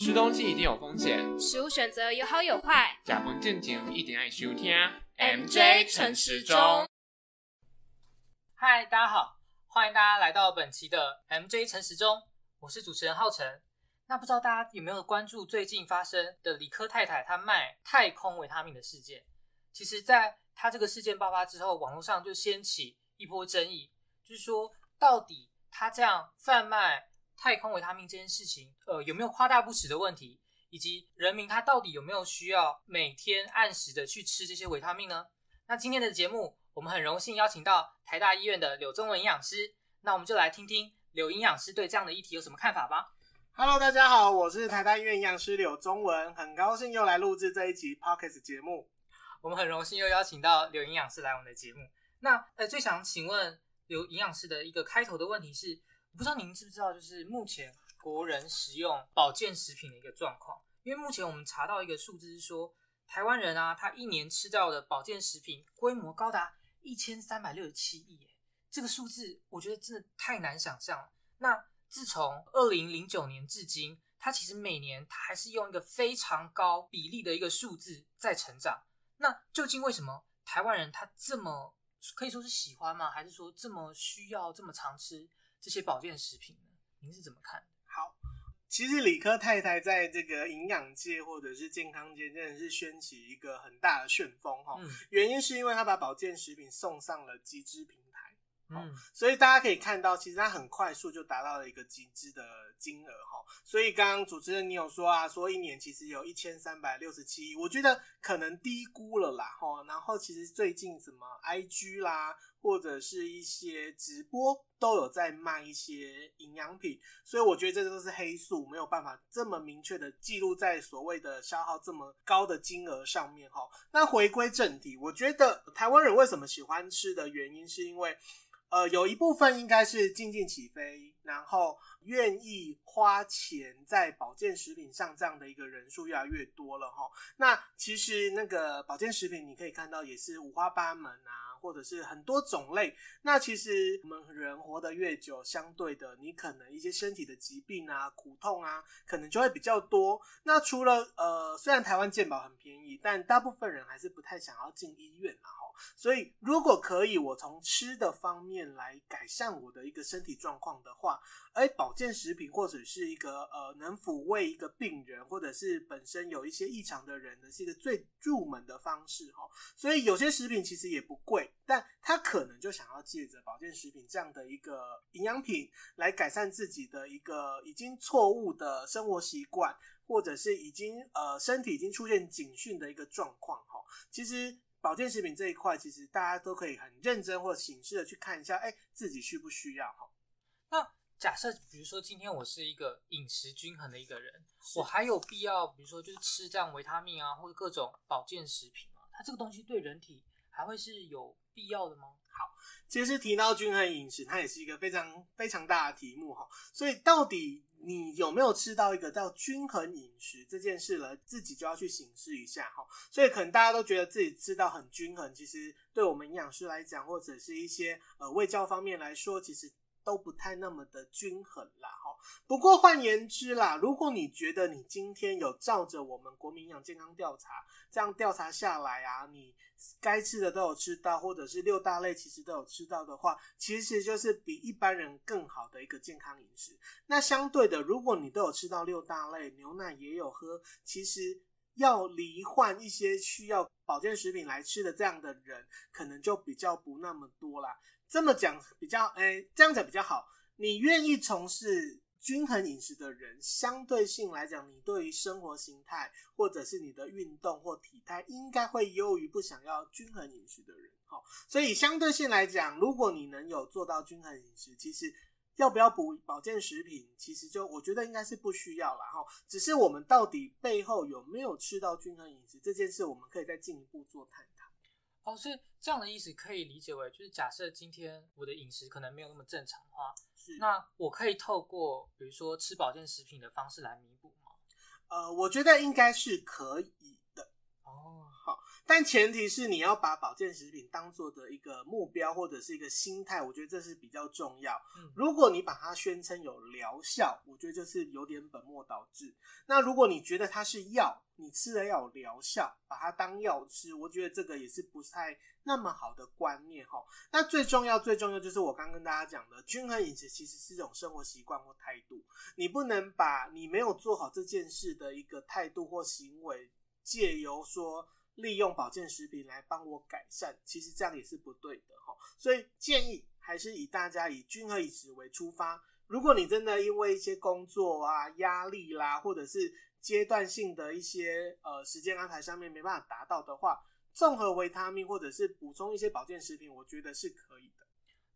吃東西一定有風險，食物選擇有好有壞。假扮正經一點愛收聽。M J 誠食中，嗨，大家好，歡迎大家來到本期的 M J 誠食中，我是主持人浩辰。那不知道大家有沒有關注最近發生的理科太太她賣太空維他命的事件？其實，在她這個事件爆發之後，網絡上就掀起一波爭議，就是說到底她這樣販賣。太空維他命這件事情，呃，有沒有誇大不實的問題？以及人民他到底有沒有需要每天按時的去吃這些維他命呢？那今天的節目，我們很榮幸邀請到台大醫院的柳宗文營養師。那我們就來聽聽柳營養師對這樣的議題有什麼看法吧。Hello，大家好，我是台大醫院營養師柳宗文，很高興又來錄製這一集 Podcast 節目。我們很榮幸又邀請到柳營養師來我們的節目。那，呃，最想請問柳營養師的一個開頭的問題是。不知道您知不知道，就是目前國人使用保健食品的一個狀況。因為目前我們查到一個數字是說，台灣人啊，他一年吃掉的保健食品規模高達一千三百六十七億。誒，這個數字我覺得真的太難想象了。那自從二零零九年至今，它其實每年它還是用一個非常高比例的一個數字在成長。那究竟為什麼台灣人他這麼可以說是喜歡嗎？還是說這麼需要這麼常吃？這些保健食品呢，您是怎麼看？好，其實理科太太在這個營養界或者是健康界，真的是掀起一個很大的旋風。嗯。原因是因為她把保健食品送上了集資平台。嗯。哦，所以大家可以看到，其實她很快速就達到了一個集資的。金額哈，所以剛剛主持人你有說啊，說一年其實有一千三百六十七億，我覺得可能低估了啦哈。然後其實最近什麼 IG 啦，或者是一些直播都有在賣一些營養品，所以我覺得這都是黑數，沒有辦法這麼明確的記錄在所謂的消耗這麼高的金額上面哈。那回歸正題，我覺得台灣人為什麼喜歡吃的原因，是因為呃，有一部分應該是經濟起飛。然後願意花錢在保健食品上這樣的一個人數越來越多了哈。那其實那個保健食品，你可以看到也是五花八門啊。或者是很多種類，那其實我們人活得越久，相對的，你可能一些身體的疾病啊、苦痛啊，可能就會比較多。那除了呃，雖然台灣健保很便宜，但大部分人還是不太想要進醫院嘛，吼。所以如果可以，我從吃的方面來改善我的一個身體狀況的話，而保健食品或者是一個呃，能撫慰一個病人或者是本身有一些異常的人呢，是一個最入門的方式吼。所以有些食品其實也不貴。但他可能就想要借着保健食品這樣的一個營養品來改善自己的一個已經錯誤的生活習慣，或者是已經呃身體已經出現警訊的一個狀況哈。其實保健食品這一塊，其實大家都可以很認真或謹慎的去看一下，哎、欸，自己需不需要哈？那假設比如說今天我是一個飲食均衡的一個人，是我還有必要比如說就是吃這樣維他命啊，或者各種保健食品啊？它這個東西對人體，還會是有必要的嗎？好，其實提到均衡飲食，它也是一個非常非常大的題目哈。所以到底你有沒有吃到一個叫均衡飲食這件事了，自己就要去審視一下哈。所以可能大家都覺得自己吃到很均衡，其實對我們營養師來講，或者是一些呃衛教方面來說，其實。都不太那麼的均衡啦，哈。不過換言之啦，如果你覺得你今天有照着我們國民營養健康調查這樣調查下來啊，你該吃的都有吃到，或者是六大類其實都有吃到的話，其實就是比一般人更好的一個健康飲食。那相對的，如果你都有吃到六大類，牛奶也有喝，其實要罹患一些需要保健食品來吃的這樣的人，可能就比較不那麼多啦。這麼講比較，哎、欸，這樣講比較好。你願意從事均衡飲食的人，相對性來講，你對於生活形態或者是你的運動或體態，應該會優於不想要均衡飲食的人。哈，所以相對性來講，如果你能有做到均衡飲食，其實要不要補保健食品，其實就我覺得應該是不需要啦。哈，只是我們到底背後有沒有吃到均衡飲食這件事，我們可以再進一步做探索。哦，所以這樣的意思可以理解為，就是假設今天我的飲食可能沒有那麼正常的話，是那我可以透過比如說吃保健食品的方式來彌補嗎？呃，我覺得應該是可以。但前提是你要把保健食品當作的一個目標或者是一個心態，我覺得這是比較重要。如果你把它宣稱有療效，我覺得就是有點本末倒置。那如果你覺得它是藥，你吃了要有療效，把它當藥吃，我覺得這個也是不太那麼好的觀念哈。那最重要、最重要就是我剛跟大家講的，均衡飲食其實是一種生活習慣或態度。你不能把你沒有做好這件事的一個態度或行為借由說。利用保健食品來幫我改善，其實這樣也是不對的哈。所以建議還是以大家以均衡飲食為出發。如果你真的因為一些工作啊、壓力啦，或者是階段性的一些呃時間安排上面沒辦法達到的話，綜合維他命或者是補充一些保健食品，我覺得是可以的。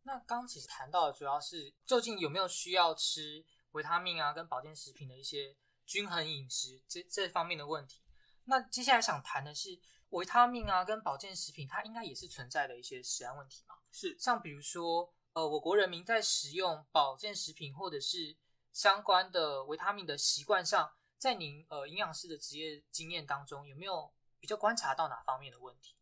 那剛剛其實談到的主要是究竟有沒有需要吃維他命啊，跟保健食品的一些均衡飲食這這方面的問題。那接下來想談的是維他命啊，跟保健食品，它應該也是存在的一些食安問題嘛？是，像比如說，呃，我國人民在使用保健食品或者是相關的維他命的習慣上，在您呃營養師的職業經驗當中，有沒有比較觀察到哪方面的問題？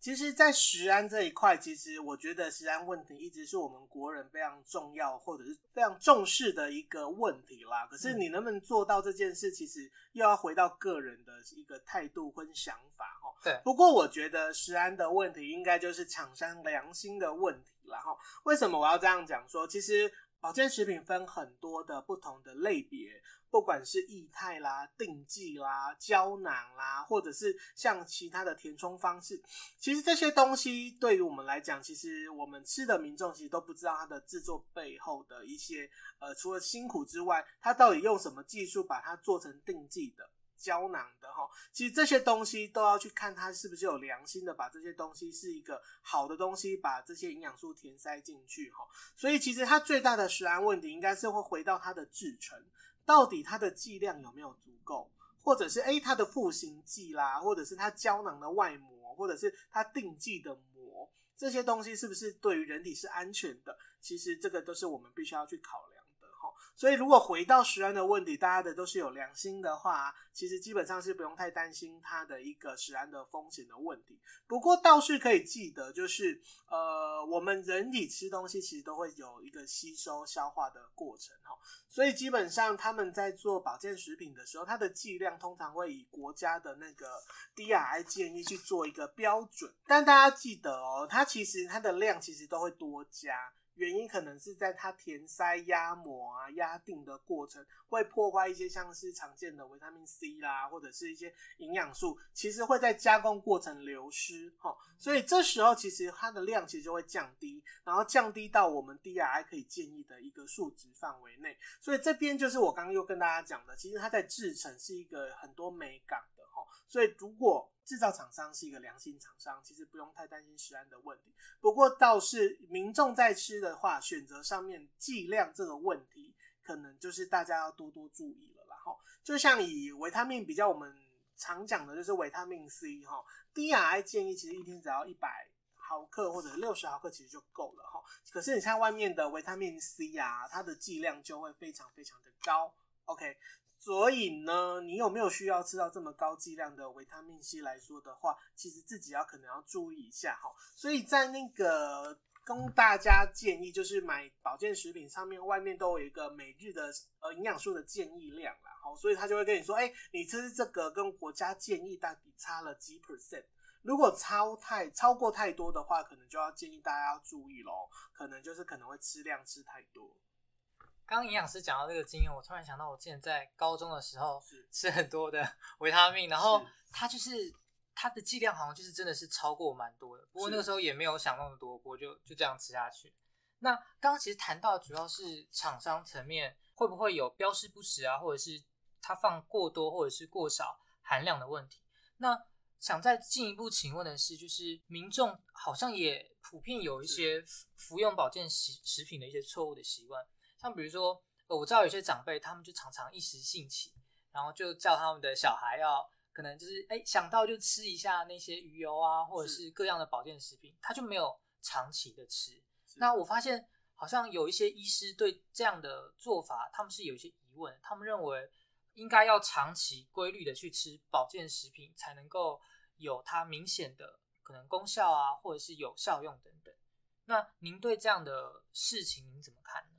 其實，在食安這一塊，其實我覺得食安問題一直是我們國人非常重要或者是非常重視的一個問題啦。可是你能不能做到這件事，嗯、其實又要回到個人的一個態度跟想法、喔、對，不過我覺得食安的問題應該就是廠商良心的問題啦、喔。為什麼我要這樣講說？其實保健食品分很多的不同的類別。不管是液態啦、錠劑啦、膠囊啦，或者是像其他的填充方式，其實這些東西對於我們來講，其實我們吃的民眾其實都不知道它的製作背後的一些呃，除了辛苦之外，它到底用什麼技術把它做成錠劑的膠囊的哈。其實這些東西都要去看它是不是有良心的把這些東西是一個好的東西，把這些營養素填塞進去哈。所以其實它最大的食安問題應該是會回到它的製程。到底它的劑量有沒有足夠，或者是欸，它的賦形劑啦，或者是它膠囊的外膜，或者是它定劑的膜，這些東西是不是對於人體是安全的？其實這個都是我們必須要去考。哦，所以，如果回到食安的問題，大家的都是有良心的話，其實基本上是不用太擔心它的一個食安的風險的問題。不過，倒是可以記得，就是呃，我們人體吃東西其實都會有一個吸收消化的過程，哈，哦。所以，基本上他們在做保健食品的時候，它的劑量通常會以國家的那個 DRI 建議去做一個標準。但大家記得哦，它其實它的量其實都會多加。原因可能是在它填塞、壓膜啊、壓定的過程，會破壞一些像是常見的維他命 C 啦，或者是一些營養素，其實會在加工過程流失哈。所以這時候其實它的量其實就會降低，然後降低到我們 DRI 可以建議的一個數值範圍內。所以這邊就是我剛剛又跟大家講的，其實它在製程是一個很多美感的。哦、所以，如果製造廠商是一個良心廠商，其實不用太擔心食安的問題。不過，倒是民眾在吃的話，選擇上面劑量這個問題，可能就是大家要多多注意了啦。然後、哦，就像以維他命比較，我們常講的就是維他命 C，哈、哦，DRI 建議其實一天只要一百毫克或者六十毫克，其實就夠了，哈、哦。可是，你像外面的維他命 C 啊，它的劑量就會非常非常的高。OK。所以呢，你有沒有需要吃到這麼高劑量的維他命 C 來說的話，其實自己要可能要注意一下哈。所以在那個供大家建議，就是買保健食品上面，外面都有一個每日的呃營養素的建議量啦。好，所以他就會跟你說，哎、欸，你吃這個跟國家建議大概差了幾 percent？如果超太超過太多的話，可能就要建議大家要注意咯，可能就是可能會吃量吃太多。剛剛營養師講到這個經驗，我突然想到，我之前在高中的時候吃很多的維他命，然後它就是它的劑量好像就是真的是超過我蠻多的，不過那個時候也沒有想那麼多，我就就這樣吃下去。那剛剛其實談到的主要是廠商層面會不會有標示不實啊，或者是它放過多或者是過少含量的問題？那想再進一步請問的是，就是民眾好像也普遍有一些服用保健食食品的一些錯誤的習慣。像比如說，我知道有些長輩，他們就常常一時興起，然後就叫他們的小孩要，可能就是哎想到就吃一下那些魚油啊，或者是各樣的保健食品，是他就沒有長期的吃。是那我發現好像有一些醫師對這樣的做法，他們是有一些疑問，他們認為應該要長期規律的去吃保健食品，才能夠有它明顯的可能功效啊，或者是有效用等等。那您對這樣的事情您怎麼看？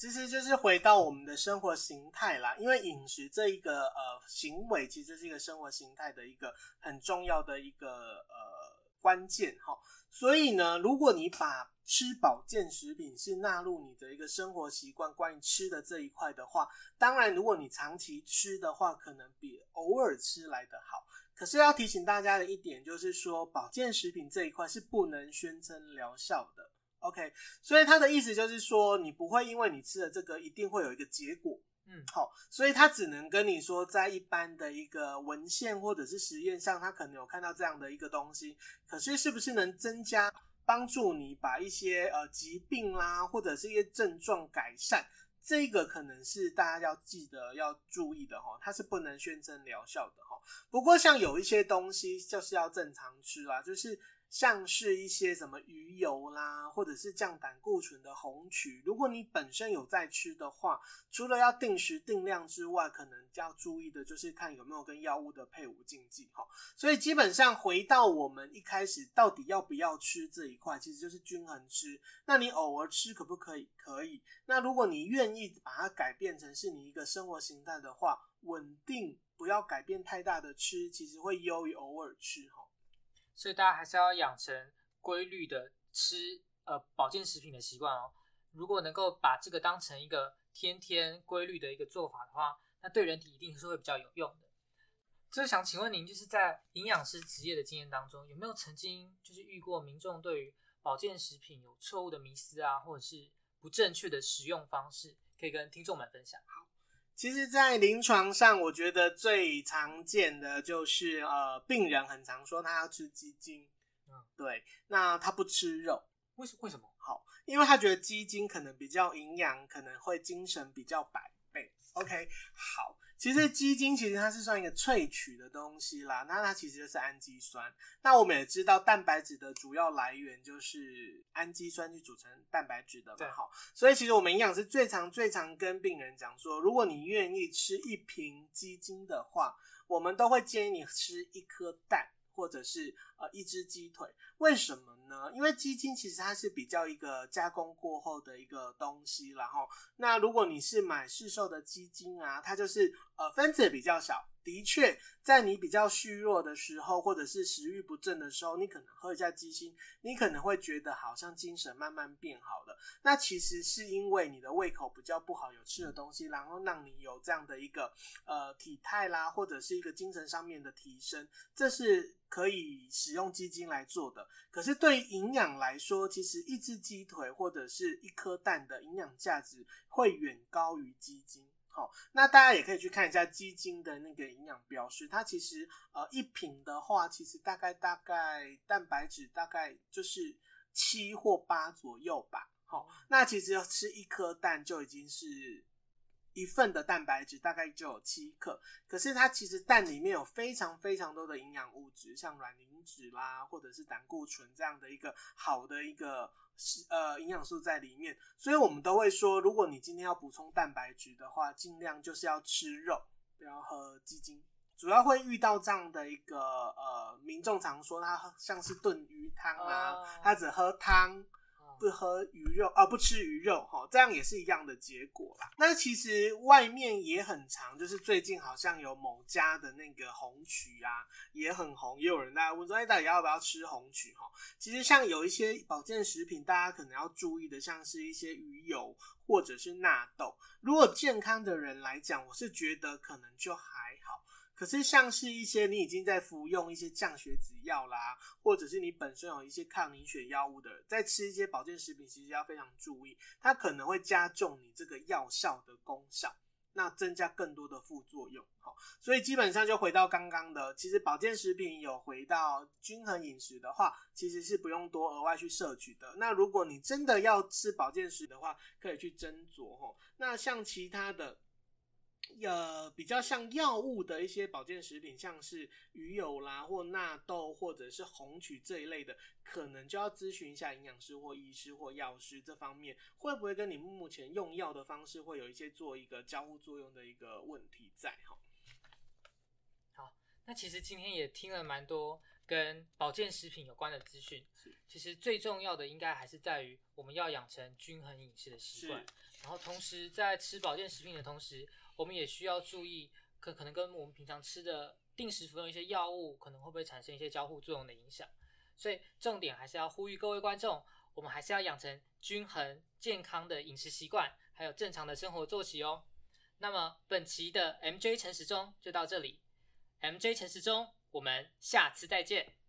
其實就是回到我們的生活形態啦，因為飲食這一個呃行為，其實是一個生活形態的一個很重要的一個呃關鍵哈。所以呢，如果你把吃保健食品是納入你的一個生活習慣，關於吃的這一塊的話，當然如果你長期吃的話，可能比偶爾吃來的好。可是要提醒大家的一點就是說，保健食品這一塊是不能宣稱療效的。OK，所以他的意思就是說，你不會因為你吃了這個一定會有一個結果，嗯，好、哦，所以他只能跟你說，在一般的一個文獻或者是實驗上，他可能有看到這樣的一個東西，可是是不是能增加幫助你把一些呃疾病啦、啊、或者是一些症狀改善，這個可能是大家要記得要注意的哈、哦，它是不能宣稱療效的哈、哦。不過像有一些東西就是要正常吃啦、啊，就是。像是一些什麼魚油啦，或者是降膽固醇的紅麴，如果你本身有在吃的話，除了要定時定量之外，可能要注意的就是看有沒有跟藥物的配伍禁忌哈。所以基本上回到我們一開始到底要不要吃這一塊，其實就是均衡吃。那你偶爾吃可不可以？可以。那如果你願意把它改變成是你一個生活形態的話，穩定不要改變太大的吃，其實會優於偶爾吃哈。所以大家還是要養成規律的吃呃保健食品的習慣哦。如果能夠把這個當成一個天天規律的一個做法的話，那對人體一定是會比較有用的。就想請問您，就是在營養師職業的經驗當中，有沒有曾經就是遇過民眾對於保健食品有錯誤的迷思啊，或者是不正確的食用方式，可以跟聽眾們分享？好。其實，在臨床上，我覺得最常見的就是，呃，病人很常說他要吃雞精，嗯，對，那他不吃肉，為什為什麼？好，因為他覺得雞精可能比較營養，可能會精神比較白。對，OK，好，其實雞精其實它是算一個萃取的東西啦，那它其實就是氨基酸。那我們也知道蛋白質的主要來源就是氨基酸去組成蛋白質的嘛，對好。所以其實我們營養師最常、最常跟病人講說，如果你願意吃一瓶雞精的話，我們都會建議你吃一顆蛋或者是。呃，一隻雞腿，為什麼呢？因為雞精其實它是比較一個加工過後的一個東西，然後那如果你是買市售的雞精啊，它就是呃分子也比較小。的確，在你比較虛弱的時候，或者是食慾不振的時候，你可能喝一下雞精，你可能會覺得好像精神慢慢變好了。那其實是因為你的胃口比較不好，有吃的東西，然後讓你有這樣的一個呃體態啦，或者是一個精神上面的提升，這是可以使。使用雞精來做的，可是對於營養來說，其實一隻雞腿或者是一顆蛋的營養價值會遠高於雞精。好、哦，那大家也可以去看一下雞精的那個營養標示，它其實呃一瓶的話，其實大概大概蛋白質大概就是七或八左右吧。好、哦，那其實要吃一顆蛋就已經是。一份的蛋白質大概就有七克，可是它其實蛋裡面有非常非常多的營養物質，像卵磷脂啦，或者是膽固醇這樣的一個好的一個呃營養素在裡面，所以我們都會說，如果你今天要補充蛋白質的話，儘量就是要吃肉，不要喝雞精，主要會遇到這樣的一個呃，民眾常說他像是燉魚湯啊，他只喝湯。不喝魚肉啊、哦，不吃魚肉哈，這樣也是一樣的結果啦。那其實外面也很常，就是最近好像有某家的那個紅麴啊，也很紅，也有人在問說誒，到底要不要吃紅麴哈。其實像有一些保健食品，大家可能要注意的，像是一些魚油或者是納豆。如果健康的人來講，我是覺得可能就還好。可是像是一些你已經在服用一些降血脂藥啦，或者是你本身有一些抗凝血藥物的，在吃一些保健食品，其實要非常注意，它可能會加重你這個藥效的功效，那增加更多的副作用。好，所以基本上就回到剛剛的，其實保健食品有回到均衡飲食的話，其實是不用多額外去攝取的。那如果你真的要吃保健食的話，可以去斟酌。吼，那像其他的。呃，比較像藥物的一些保健食品，像是魚油啦、或納豆或者是紅曲這一類的，可能就要諮詢一下營養師或醫師或藥師這方面，會不會跟你目前用藥的方式會有一些做一個交互作用的一個問題在。好、哦，好，那其實今天也聽了蠻多跟保健食品有關的資訊。是其實最重要的應該還是在於我們要養成均衡飲食的習慣，是然後同時在吃保健食品的同時，我們也需要注意，可可能跟我們平常吃的定時服用一些藥物，可能會不會產生一些交互作用的影響。所以重點還是要呼籲各位觀眾，我們還是要養成均衡健康的飲食習慣，還有正常的生活作息哦。那麼本期的 MJ 誠食中就到這裡，MJ 誠食中，我們下次再見。